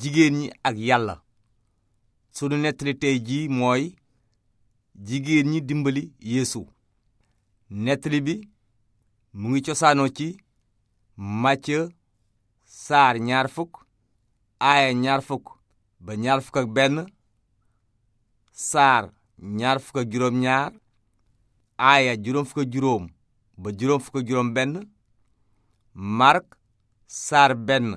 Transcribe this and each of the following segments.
jigéen ñi ak yàlla sunu nettali tey jii mooy jigéen ñi dimbali yéesu nettali bi mu ngi cosaanoo ci Macë saar ñaar fukk aaya ñaar fukk ba ñaar fukk juróom benn Mark saar benn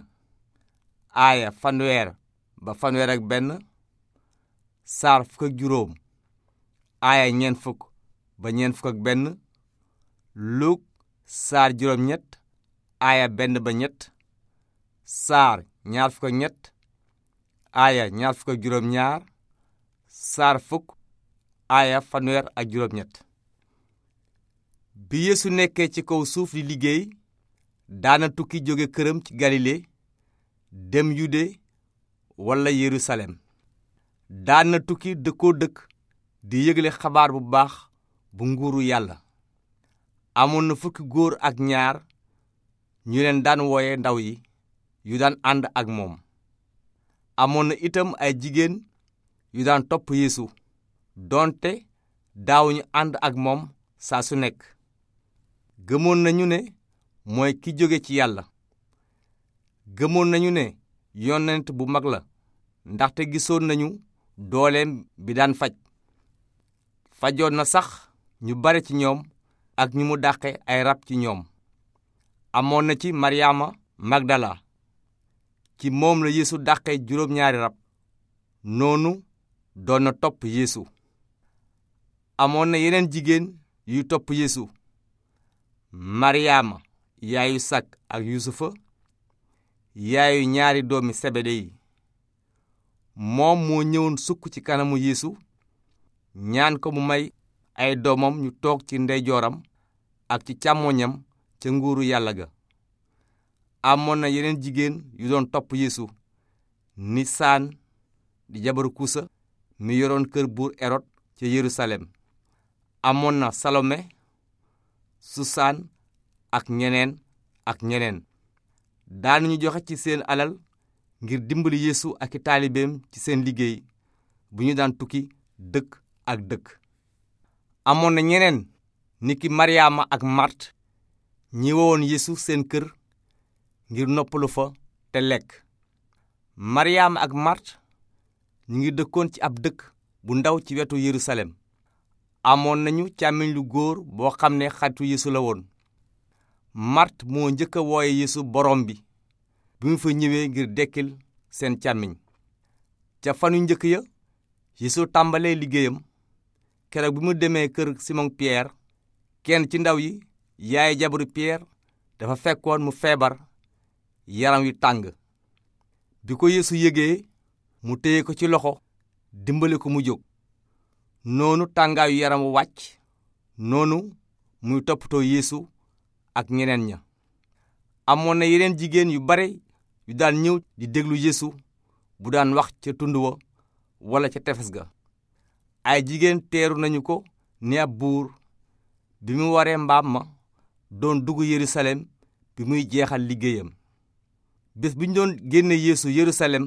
aaya fanweer ba fanweer ak benn saar fukk ak juróom aaya ñeen fukk ba ñeen fukk ak benn luuk saar juróom ñett aaya benn ba ñett saar ñaar fukk ak ñett aaya ñaar fukk ak juróom ñaar saar fukk aaya fanweer ak juróom ñett bi yeesu nekkee ci kaw suuf di liggéey daana tukki jóge këram ci galile dem yude walla yerusalem daan na tukki dëkkoo dëkk di yëgle xabaar bu baax bu nguuru yàlla amoon na fukki góor ak ñaar ñu leen daan wooye ndaw yi yu daan ànd ak moom amoon na itam ay jigéen yu daan topp yeesu doonte daawuñu ànd ak moom saa su nekk gëmoon nañu ne mooy ki jóge ci yàlla gëmoon nañu ne yonent bu mag la ndaxte gisoon nañu dooleen bi daan faj fajoon na sax ñu bare ci ñoom ak ñu mu dàqe ay rab ci ñoom amoon na ci maryaama magdala ci moom la yeesu dàqe juróom ñaari rab noonu doon na topp yeesu amoon na yeneen jigéen yuy topp yeesu maryaama yaayu sak ak yusufa yaayu ñaari doomi sebede yi moom moo ñëwoon sukk ci kanamu yéesu ñaan ko mu may ay doomam ñu toog ci ndeyjooram ak ci càmmooñam ca nguuru yàlla ga amoon na yeneen jigéen yu doon topp yeesu ni saan di jabaru kuusa mi yoroon kër buur erod ca yerusalem amoon na salome susaan ak ñeneen ak ñeneen daanañu joxe ci seen alal ngir dimbali yéesu ak i taalibeem ci seen liggéey bu ñu daan tukki dëkk ak dëkk amoon na ñeneen niki maryaama ak màrt ñi wowoon yéesu seen kër ngir noppalu fa te lekk maryaama ak màrt ñu ngi dëkkoon ci ab dëkk bu ndaw ci wetu yerusalem amoon nañu càmmiñ lu góor boo xam ne xaritu yeesu la woon màrt moo njëkk a wooye yeesu borom bi bi mu fa ñëwee ngir dekkil seen càmmiñ ca fanu njëkk ya yeesu tàmbalee liggéeyam keroog bi mu demee kër simon pierre kenn ci ndaw yi yaay jabaru pierre dafa fekkoon mu feebar yaram wi tàng bi ko yeesu yégee mu téye ko ci loxo dimbali ko mu jóg noonu tàngaayu yaram wàcc noonu muy toppatoo yeesu ak ñeneen ña amoon na yeneen jigéen yu bare yu daan ñëw di déglu yéesu bu daan wax ca tund wa walla ca tefes ga ay jigéen teeru nañu ko ne ab buur bi mu waree mbaam ma doon dugg yerusalem bi muy jeexal liggéeyam bés bi ñu doon génne yéesu yerusalem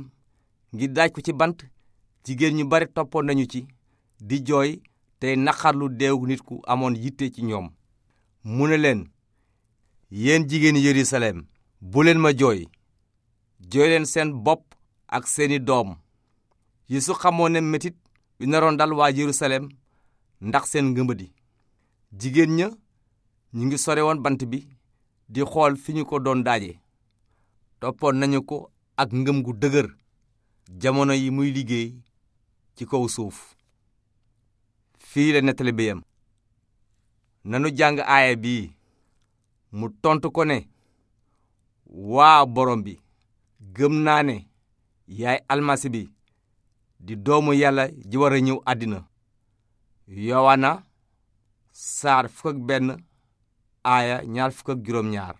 ngir daaj ko ci bant jigéen ñu bare toppoon nañu ci di jooy tey naqarlu deewu nit ku amoon yitte ci ñoom mu ne leen yéen jigéeni Yerusalem bu leen ma jooy jooy seen bopp ak seeni doom yi su xamoon ne metit bi naroon dal waa Yerusalem ndax seen ngëmbadi jigéen ña ñu ngi sore woon bant bi di xool fi ñu ko doon daaje toppoon nañu ko ak ngëm gu dëgër jamono yi muy liggéey ci kaw suuf fii la nettali bi yem nanu jàng aaya bii mu tontu ko ne waa borom bi gëm naa ne yaay almasi bi di doomu yàlla ji war a ñëw àddina yowaana saar fukk ak benn aaya ñaar fukk ak juróom ñaar